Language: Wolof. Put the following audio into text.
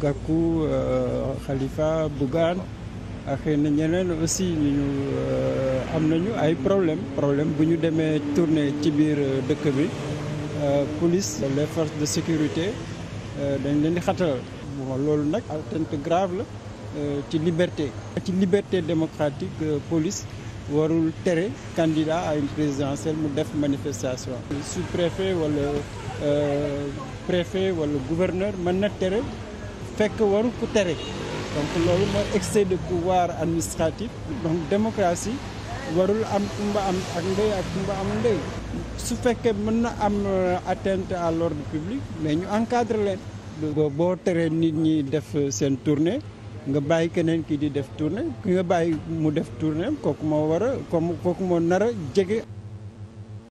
Gakou euh, Khalifa Bougane ak xëy na ñeneen aussi ñu euh, am nañu ay problème problème bu ñu demee tournée ci biir euh, dëkk bi police les forces de sécurité dañ leen di xatal bon loolu nag atteinte grave la ci liberté ci liberté démocratique police warul tere candidat à une présidentielle mu def manifestation sous-préfet wala préfet wala gouverneur mën na tere fekk waru ko tere donc loolu mooy excès de pouvoir administratif donc démocratie warul am kumba am ak ndey ak kumba am ndey su fekkee mën na am euh, atteinte à l'ordre public mais ñu encadre leen boo teree nit ñi def euh, seen tournée nga bàyyi keneen kii di def tournée ki nga bàyyi mu def tournée kooku moo war a kooku moo nara jege